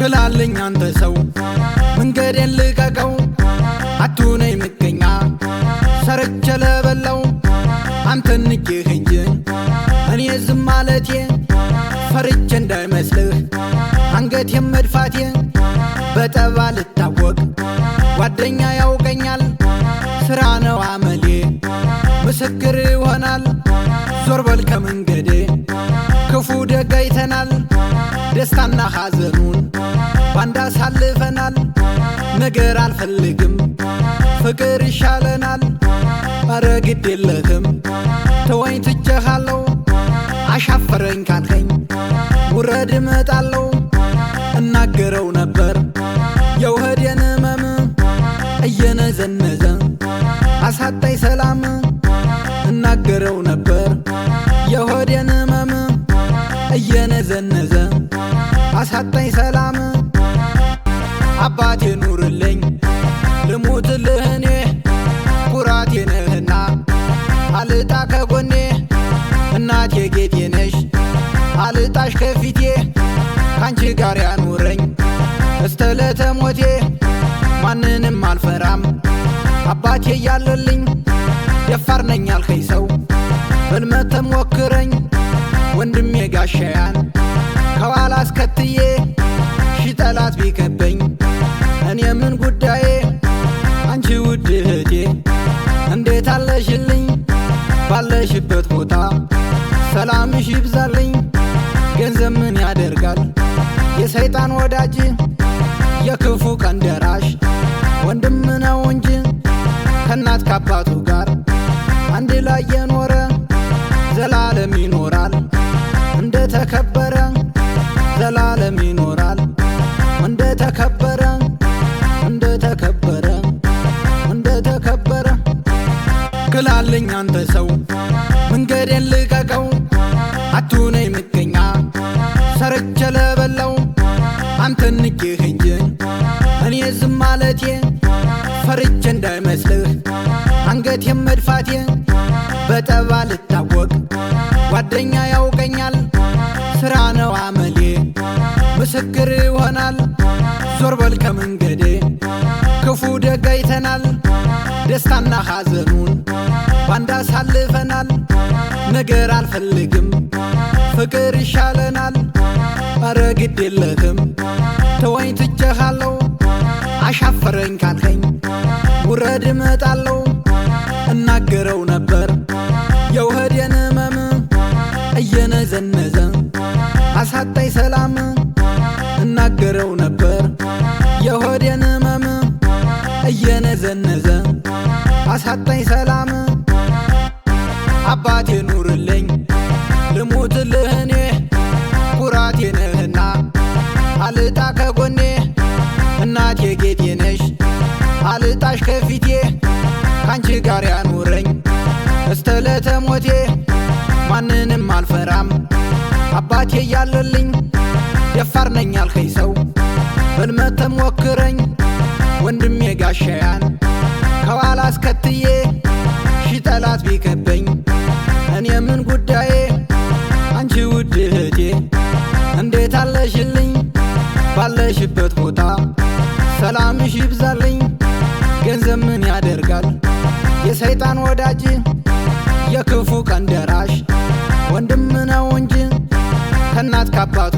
ክላልኝ አንተ ሰው መንገዴን ልቀቀው አቱነ የምገኛ ሰርቼ ለበላው አንተ ንቄህ እንጂ እኔ ዝም ማለቴ ፈርቼ እንዳይመስልህ አንገቴን መድፋቴ በጠባ ልታወቅ ጓደኛ ያውቀኛል ስራ ነው አመሌ ምስክር ይሆናል ዞር በል ከመንገዴ ክፉ ደግ አይተናል ደስታና ሐዘኑን በአንድ አሳልፈናል። ነገር አልፈልግም ፍቅር ይሻለናል። ኧረ ግድ የለህም ተወኝ ትቼሃለው። አሻፈረኝ ካልከኝ ውረድ እመጣለው። እናገረው ነበር የውህዴን ህመም እየነዘነዘ አሳጣኝ ሰላም እናገረው ነበር የሆዴን ህመም እየነዘነዘ አሳጣኝ ሰላም አባቴ ኑርልኝ ልሙትልህ እኔ ኩራቴ ነህና አልጣ ከጎኔ እናቴ ጌጤ ነሽ አልጣሽ ከፊቴ ካንቺ ጋር ያኑረኝ እስተለተ ሞቴ ማንንም አልፈራም አባቴ እያለልኝ ደፋር ነኝ ያልከኝ ሰው በልመተም ሞክረኝ ወንድሜ ጋሻያን ከኋላ አስከትዬ ሺ ጠላት ቢከብ ባለሽበት ቦታ ሰላምሽ ይብዛልኝ። ገንዘብ ምን ያደርጋል የሰይጣን ወዳጅ የክፉ ቀን ደራሽ ወንድም ነው እንጂ ከእናት ካባቱ ጋር አንድ ላይ የኖረ ዘላለም ይኖራል። እንደ ተከበረ ዘላለም ይኖራል። እንደ ተከበረ እንደ ተከበረ እንደ ተከበረ ክላልኝ አንተ መንገዴን ልቀቀው አቱነ የምገኛ ሰርቼ ለበላው አንተን ንቄህ እንጂ እኔ ዝም ማለቴ ፈርቼ እንዳይመስልህ አንገቴን መድፋቴ በጠባ ልታወቅ ጓደኛ ያውቀኛል ስራ ነው አመሌ ምስክር ይሆናል ዞር በል ከመንገዴ ክፉ ደግ አይተናል፣ ደስታና ሐዘኑን ባንድ አሳልፈናል። ነገር አልፈልግም ፍቅር ይሻለናል። ኧረ ግድ የለህም ተወኝ ትቼሃለሁ። አሻፈረኝ ካልከኝ ውረድ እመጣለሁ። እናገረው ነበር የውህዴን ህመም እየነዘነዘ አሳጣኝ ሰላም እናገረው ነበር ገነዘ አሳጣኝ ሰላም አባቴ ኑርልኝ ልሙትልህ እኔ ኩራቴ ነህና አልጣ ከጎኔ እናቴ ጌጤ ነሽ አልጣሽ ከፊቴ ካንቺ ጋር ያኑረኝ እስተለተ ሞቴ ማንንም አልፈራም አባቴ እያለልኝ ወንድሜ ጋሻያን ከኋላ አስከትዬ ሺ ጠላት ቢከበኝ እኔ ምን ጉዳዬ አንቺ ውድ እህቴ እንዴት አለሽልኝ ባለሽበት ቦታ ሰላምሽ ይብዛልኝ። ገንዘብ ምን ያደርጋል የሰይጣን ወዳጅ የክፉ ቀን ደራሽ ወንድም ነው እንጂ ከእናት ካባት